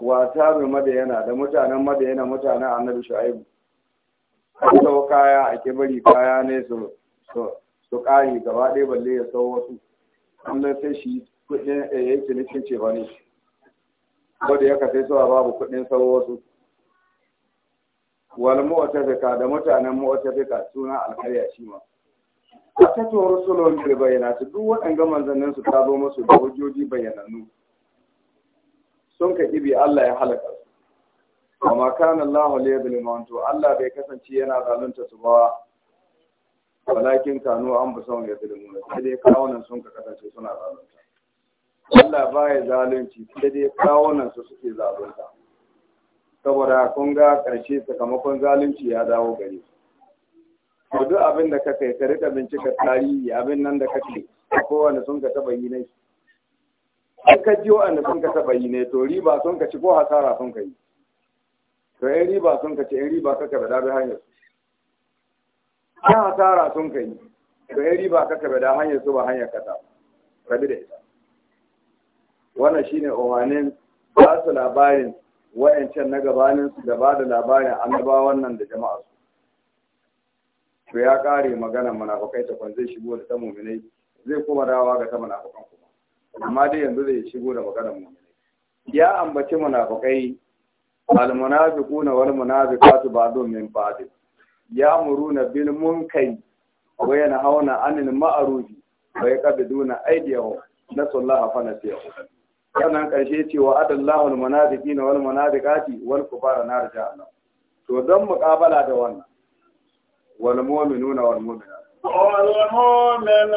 wa tabi madayana da mutanen madayana mutanen annabi shu'aibu sau kaya a kibari kaya ne su su gaba ɗaya balle ya sau wasu amma sai shi kuɗin ya yi cinikin ce ba ne wadda ya kasai suwa babu kuɗin sau wasu wal mu'tafika da mutanen mu'tafika suna alƙarya shi ma atatu rusulun bayyana su duk waɗanga manzannin su ta zo musu da hujjoji bayyanannu sun ka kibi Allah ya halaka su amma kan Allah li yadhlimu Allah bai kasance yana zalunta su ba walakin kanu an bu son ya zulmu sai dai kawunan sun ka kasance suna zalunta Allah baya zalunci sai dai kawunan su suke zalunta saboda kun ga ƙarshe sakamakon zalunci ya dawo gare su duk abin da ka kai ka rika bincika tarihi abin nan da kake kowane sun ka taba yi ne sai ka ji wa'anda sun ka taba yi ne to riba sun ka ci ko hasara sun ka yi to yan riba sun ka ci yan riba ka ka da hanyar su yan hasara sun ka yi to yan riba ka ka da hanyar su ba hanyar kasa rabi da ita wannan shine umarnin ba su labarin wa'ancan na gabanin su da ba da labarin annabawan nan da jama'a su to ya kare magana munafukai ta zai shigo da ta muminai zai kuma dawa ga ta munafukan kuma amma dai yanzu zai shigo da maganar muminai ya ambaci munafukai almunafiquna wal munafiqatu ba'dhum min ba'd muruna bil munkari wa yanhauna 'anil ma'ruf wa yaqbiduna aydiyahum nasallaha fa nasiyahu Wannan ƙarshe ce wa adallahu almunafiqina wal munafiqati wal kufara nar jahannam to don muqabala da wannan wal mu'minuna wal mu'minat والمؤمنون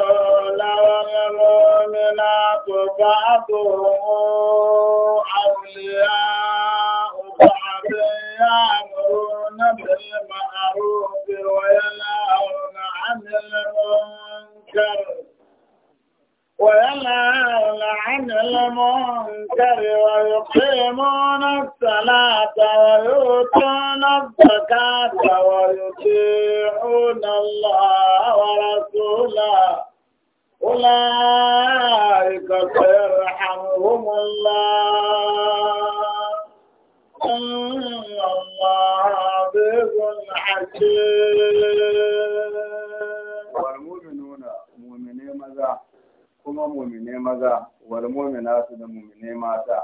والمؤمنات بعضهم أولياء بعض يأمرون بالمعروف وينهون عن المنكر وينهون عن المنكر ويقيمون الصلاة ويؤتون الزكاة ويطيعون الله ورسوله أولئك سيرحمهم الله إن الله عزيز حكيم kuma mumine maza wal muminatu da mumine mata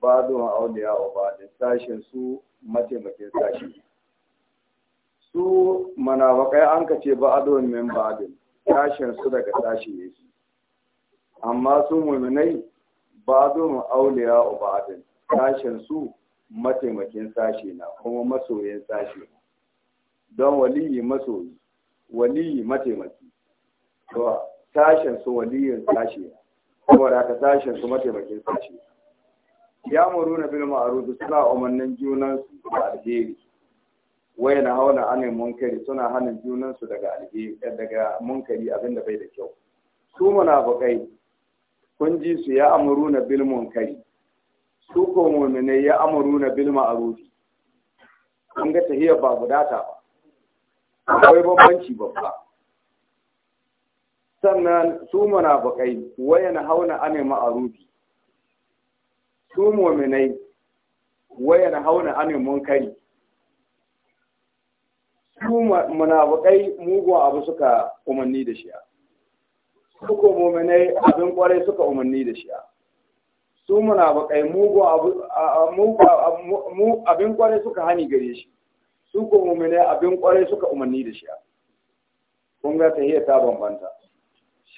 ba zuwa auliya ba da sashen su mataimakin sashi su manabakai an ka ce ba adon min ba sashen su daga sashi ne su amma su muminai ba zuwa auliya ba sashen su mataimakin sashi na kuma masoyin sashi don waliyi masoyi waliyi mataimaki to sashen su waliyin sashi saboda ka sashen su mataimakin sashe. ya muru na bil ma'ruf suna umarnin junan su da alheri waya na hauna anil munkari suna hanin junan su daga alheri eh, daga munkari abinda bai da kyau su munafikai kun ji su ya amuru na bil munkari su ko mu'minai ya amuru na bil ma'ruf kun ga tahiyya ba gudata ba akwai bambanci babba sannan su munafiqai wayan hauna anil ma'arufi? su mu'minai wayan hauna mun munkari su munafiqai mugu abu suka umarni da shi su ko mu'minai abin kwarai suka umarni da shi su munafiqai mugun abu abin kwarai suka hani gare shi su ko mu'minai abin kwarai suka umarni da shi kun ga tahiyya ta bambanta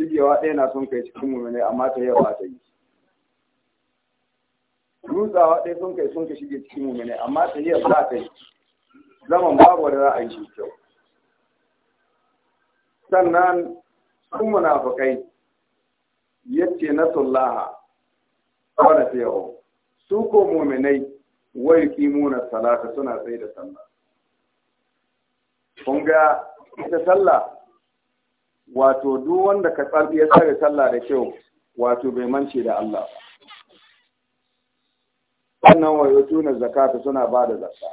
shigewa ɗaya na son kai cikin mummune amma ta yawa ta yi rutsawa ɗaya sun kai sun ka shige cikin mummune amma ta yi ba ta yi zaman babu wani ra'ayi shi kyau sannan sun munafukai yace na sullaha wanda ta yawo su ko muminai wai kimuna salata suna tsaye da sallah kun ga ita sallah wato duk wanda ka tsarki ya tsare sallah da kyau wato bai mance da Allah ba wayoto na zakata suna ba da zakka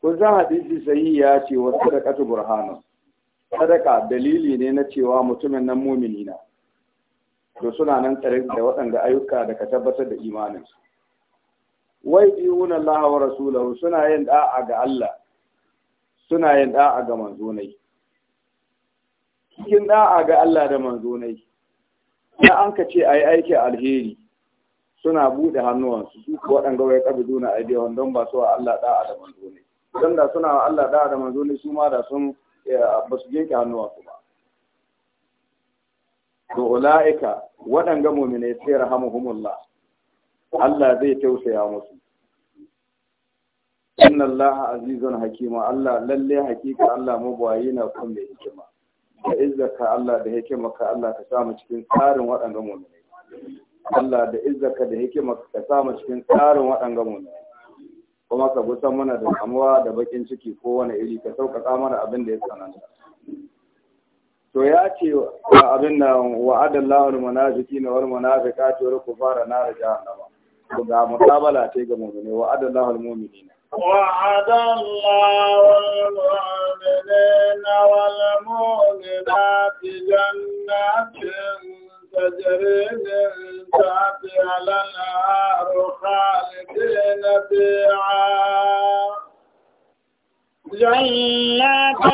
kun san hadisi sahihi ya ce wa sadaqatu burhanun sadaka dalili ne na cewa mutumin nan mumini na to suna nan tsare da waɗanda ayyuka da ka tabbatar da imanin. wai biyuna Allah wa rasulahu suna yin da'a ga Allah suna yin da'a ga manzonai cikin da'a ga Allah da manzonai ya an ka ce a yi aiki alheri suna buɗe hannuwansu su ko waɗanda wai ƙabi zuna a yi don ba su wa Allah da'a da manzonai don da suna wa Allah da'a da manzonai su ma da sun eh, ba su yanke hannuwansu ba to ula'ika waɗanda mu'minai sai rahamuhumullah Allah zai tausaya musu inna Allah azizun hakima Allah lalle hakika Allah mabwayi na kun mai hikima da izzaka Allah da hikimarka Allah ka samu cikin tsarin waɗannan mu'minai Allah da izzaka da hikimarka ka samu cikin tsarin waɗannan mu'minai kuma ka gusan mana da samuwa da bakin ciki ko wani iri ka sauƙaƙa mana abin da ya tsananta to ya ce wa abin da wa'adan lahul munafiki na wal munafiqati wal kufara nar jahannama ga mutabala ce ga mu'mini wa'adan lahul mu'minina وعد الله المؤمنين والمؤمنات جنات تجري من تحتها الأنهار خالدين فيها جنات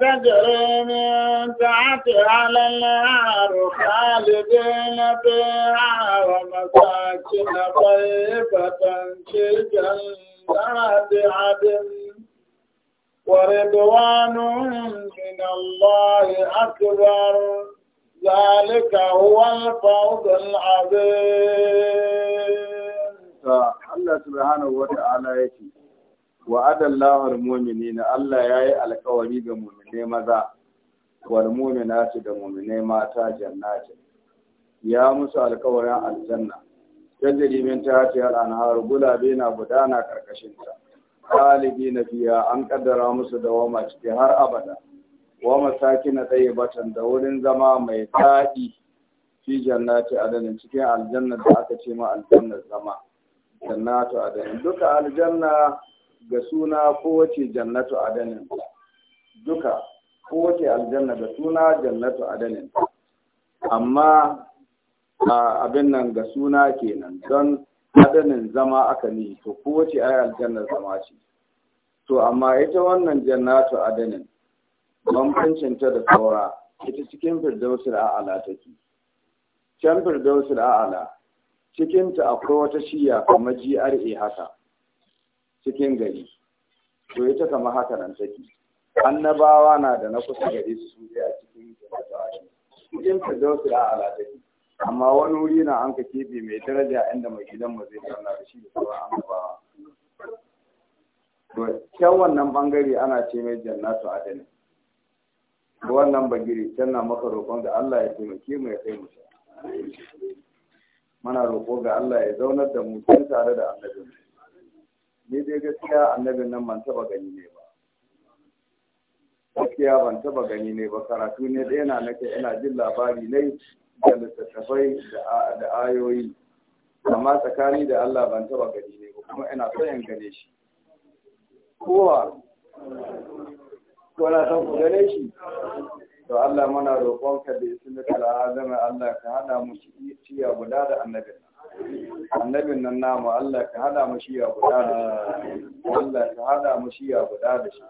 تجري من تحتها الأنهار خالدين فيها ومساكن طيبة في جنة جنات عدن ورضوان من الله أكبر ذلك هو الفوز العظيم الله سبحانه وتعالى يتي وعد الله المؤمنين الله يأي الكوري بمؤمنين ماذا والمؤمنات بمؤمنين ماتا جنات يا موسى الكوري الجنه jaddadi min tahtiha al-anhar gulabe na gudana karkashin ta galibi na biya an kaddara musu dawama ciki har abada wa masakin batan, da wurin zama mai daɗi fi jannati adana cikin aljanna da aka ce ma aljannar zama jannatu adana duka aljanna ga suna kowace jannatu adanin duka kowace aljanna ga suna jannatu adanin amma abin nan ga suna kenan don adanin zama aka ne to kowace ai aljannar zama ce to amma ita wannan jannatu adanin bambancin ta da saura ita cikin firdausul a'ala take can firdausul a'ala cikin ta akwai wata shiya kamar GRA haka cikin gari to ita kama haka nan take annabawa na da na kusa gari su a cikin jannatu adanin cikin firdausul a'ala take amma wani wuri na an ka keɓe mai daraja inda mai gidan mu zai zauna da shi da sauran annabawa to kyan wannan bangare ana ce mai jannatu adani wannan bagire can na maka roƙon da Allah ya taimake mu ya kai mu mana roƙo ga Allah ya zaunar da mu can tare da annabin ni dai gaskiya annabin nan ban taba gani ne ba gaskiya ban taba gani ne ba karatu ne ɗaya na nake ina jin labari ne da littattafai da ayoyi amma tsakani da Allah ban taba gani ne kuma ina so in gane shi kowa ko na san ku gane shi to Allah muna ka da ismika al'azama Allah ka hada mu shi ciya guda da annabin annabin nan namu Allah ka hada mu shi ya guda da shi Allah ka hada mu shi ya guda da shi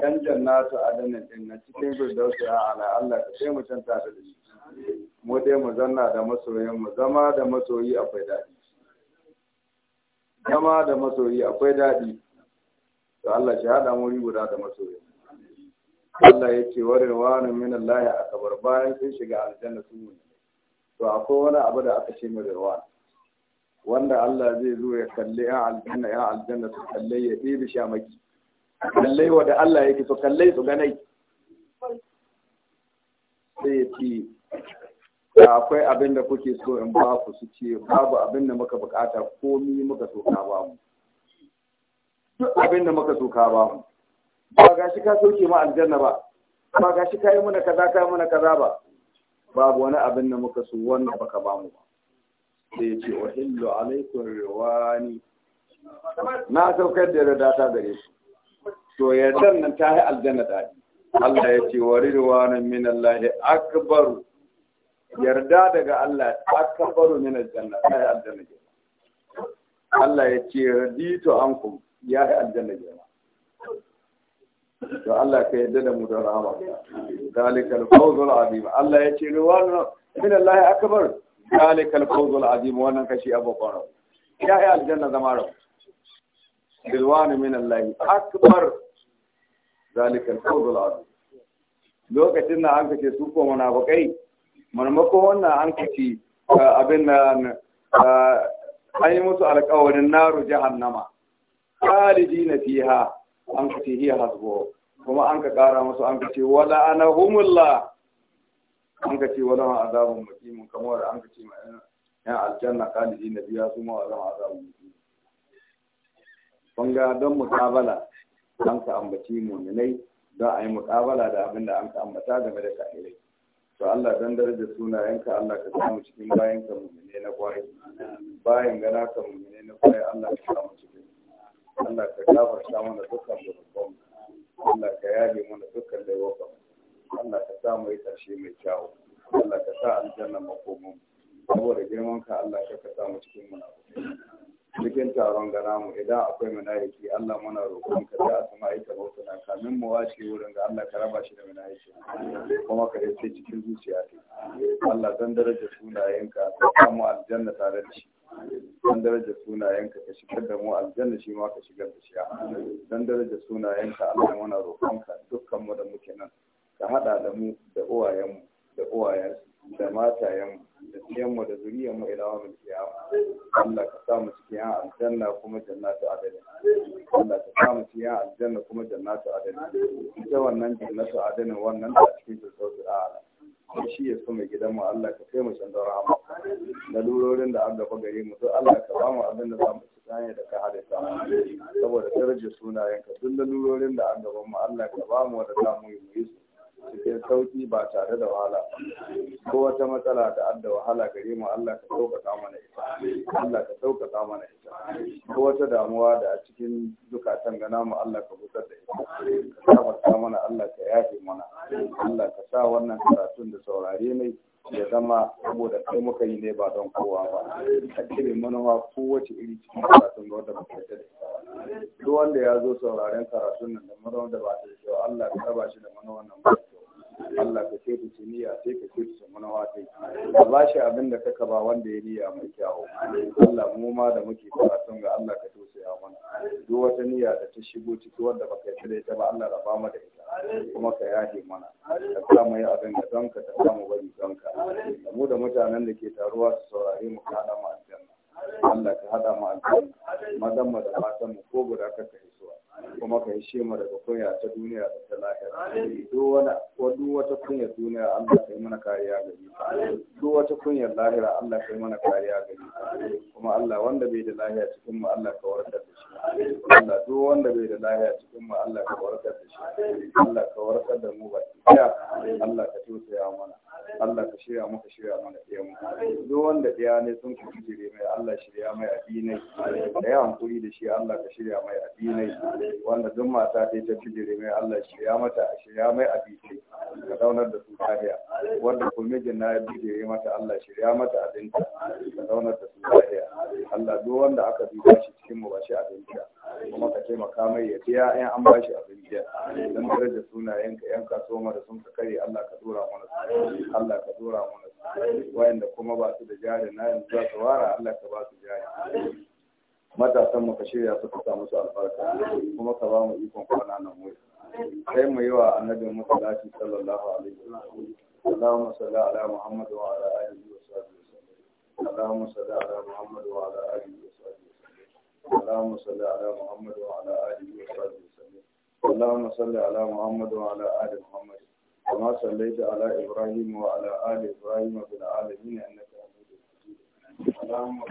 kan jannatu adana din na cikin firdausi ala Allah ka sai mu canta da shi mu dai mu zanna da masoyin mu zama da masoyi akwai daɗi zama da masoyi akwai daɗi to Allah shi haɗa muri guda da masoyi Allah ya ce warin wani min Allah ya akabar bayan sun shiga aljanna sun yi to akwai wani abu da aka ce mai rawa wanda Allah zai zo ya kalli ya aljanna ya aljanna su kalle ya bi shamaki kalle wa da Allah yake to kalle su ganai sai ya ce da akwai abin da kuke so in ba ku su ce babu abin da muka bukata komi muka soka ba mu abin da muka soka ba mu ba shi ka soke mu aljanna ba ba ga shi ka yi muna kaza ka yi muna kaza ba babu wani abin da muka so wannan baka ba mu ba sai ce wa hillu alaikum riwani na saukar da radata gare su to yardan nan ta yi aljanna daɗi Allah ya ce wa rirwanin min Allah akbaru yarda daga Allah akbaru min aljanna ai aljanna ke Allah ya ce raditu ankum ya yi aljanna ke to Allah ka yarda da mu da rahama dalikal fawzul azim Allah ya ce wannan min Allah akbar dalikal fawzul azim wannan kashi qara ya yi aljanna zama rabu dilwani min Allah akbar dalikal fawzul azim lokacin da an kace su ko bakai. marmakon wannan kafi eh, abin da eh, an yi musu alkawarin naru jahannama khalidi na ha an kace hiya hasbo kuma an ka kara musu an kace wala anahumullah an kace wala azabun muqimin kamar an kace ya aljanna khalidi na fiha su ma wala azabun muqimin kun ga don mutabala an ka ambaci dai, don a yi mutabala da abin da an ka ambata game da kafirai to Allah dan daraja sunayenka Allah ka samu cikin bayan ka mummune na kwai bayan gana ka mummune na kwai Allah ka samu cikin Allah ka gafarta mana dukkan zunubanmu Allah ka yaje mana dukkan laifukan Allah ka sa mu yi ƙarshe mai kyau Allah ka sa aljanna makomin saboda girman ka Allah ka ka samu cikin munafukai cikin taron gana mu idan akwai manahiki Allah muna roƙon ka da su ma'aikata wata na kamin mu wace wurin ga Allah ka raba shi da manahiki kuma ka yi sai cikin zuciya ta Allah zan daraja sunayenka ka samu aljanna tare da shi Zan daraja sunayenka ka shigar da mu aljanna shi ma ka shigar da shi Zan daraja sunayenka Allah muna roƙon ka dukkan mu da muke nan ka hada da mu da uwayenmu da uwayensu da matayenmu da tsiyanmu da zuriyarmu ilawa mu kiyama Allah ka sa mu cikin aljanna kuma jannatu adalin Allah ka sa mu cikin aljanna kuma jannatu adalin ita wannan jannatu adalin wannan ta cikin sauki ala ko shi ya so mai gidan mu Allah ka kai mu can da rahama lalurorin da Allah gare mu to Allah ka ba mu abin da za mu ci tsaye da ka hada ta saboda darajar sunayenka duk lalurorin da an gaban mu Allah ka ba mu wanda za mu yi mu yi su cikin sauki ba tare da wahala ko wata matsala ta adda wahala gare mu Allah ka sauƙaƙa mana ita Allah ka sauƙaƙa mana ita ko wata damuwa da a cikin zukatan gana mu Allah ka busar da ita ka sa mana Allah ka yafe mana Allah ka sa wannan karatun da saurare mai ya zama saboda kai muka yi ne ba don kowa ba a cire manowa kowace iri cikin karatun ga wanda da yi duk wanda ya zo sauraren karatun nan da manowa da ba ta yi Allah ya raba shi da manowan nan ba ta Allah ka ce da niyya sai ka ce ta manawa sai ka ba shi abin da kaka ba wanda ya niyya mai kyawu Allah mu ma da muke karatun ga Allah ka tausaya mana duk wata niyya da ta shigo ciki wanda baka yi da ita ba Allah ba mu da ita kuma ka yaje mana ka sa mu yi abin da don ka ta samu bari don ka mu da mutanen da ke taruwa su saurare mu ka hada mu aljanna Allah ka hada mu aljanna madan mu da matan mu ko guda ka kai kuma ka yi shema daga kunya ta duniya da ta lahira duk duk wata kunyar duniya Allah yi mana kariya ga ta duk wata kunyar lahira Allah yi mana kariya ga ta kuma Allah wanda bai da lahira cikin mu Allah ka warkar da shi Allah duk wanda bai da lahira cikin mu Allah ka warkar da shi Allah ka warkar da mu baki ya Allah ka ya mana Allah ka shirya maka shirya mana ɗaya mu duk wanda ɗaya ne sun kuma jire mai Allah shirya mai addinai da ya hankuri da shi Allah ka shirya mai addinai wanda duk mata ta ta bijire mai Allah shirya mata a shirya mai abinci ka zaunar da su lahiya wanda ko mijin na ya bijire mata Allah shirya mata abinci ka zaunar da su lahiya Allah duk wanda aka duba shi cikin mu ba shi abinci kuma ka taimaka mai ya biya in an ba shi abinci dan daraja sunayenka yan kasuwa mara sun ka kare Allah ka dora mana su Allah ka dora mana su wayanda kuma ba su da jari na yanzu za su wara Allah ka ba su jari matasan mu ka shirya su fita musu albarka kuma ka bamu ikon kwana nan mu kai mu yi wa annabin mu salati sallallahu alaihi wasallam Allahumma salli ala Muhammad wa ala alihi wa sahbihi wasallam Allahumma salli ala Muhammad wa ala alihi wa sahbihi wasallam Allahumma salli ala Muhammad wa ala alihi wa sahbihi wasallam Allahumma salli ala Muhammad wa ala ali Muhammad كما صليت على ابراهيم وعلى ال ابراهيم في العالمين انك حميد مجيد اللهم